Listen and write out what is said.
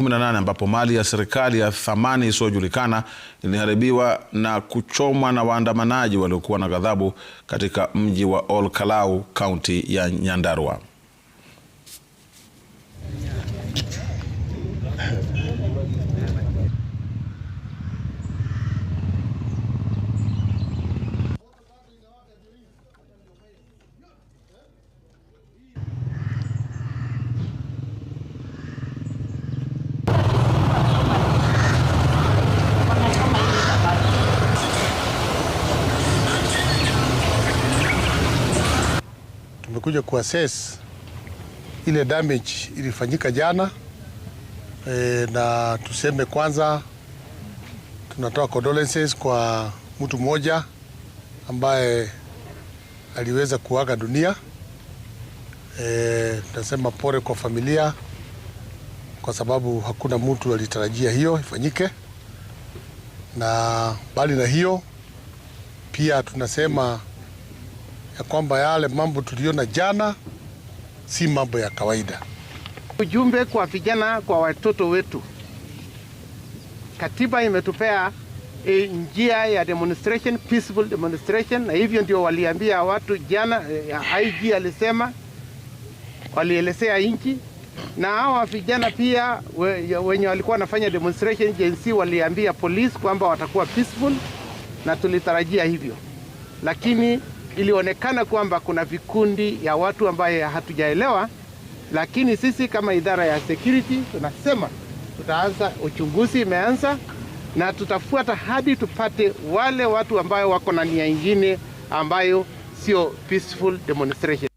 2018 ambapo mali ya serikali ya thamani isiyojulikana iliharibiwa na kuchomwa na waandamanaji waliokuwa na ghadhabu katika mji wa Ol Kalou, kaunti ya Nyandarua. tumekuja kuassess ile damage ilifanyika jana e, na tuseme kwanza tunatoa condolences kwa mtu mmoja ambaye aliweza kuaga dunia. E, tunasema pole kwa familia kwa sababu hakuna mtu alitarajia hiyo ifanyike, na bali na hiyo pia tunasema ya kwamba yale mambo tuliona jana si mambo ya kawaida. Ujumbe kwa vijana, kwa watoto wetu, katiba imetupea e, njia ya demonstration, peaceful demonstration, na hivyo ndio waliambia watu jana. E, IG alisema walielezea nchi na hawa vijana pia we, wenye walikuwa wanafanya demonstration JNC waliambia polisi kwamba watakuwa peaceful, na tulitarajia hivyo lakini ilionekana kwamba kuna vikundi ya watu ambaye hatujaelewa, lakini sisi kama idara ya security tunasema tutaanza uchunguzi, imeanza na tutafuata hadi tupate wale watu ambayo wako na nia ingine ambayo sio peaceful demonstration.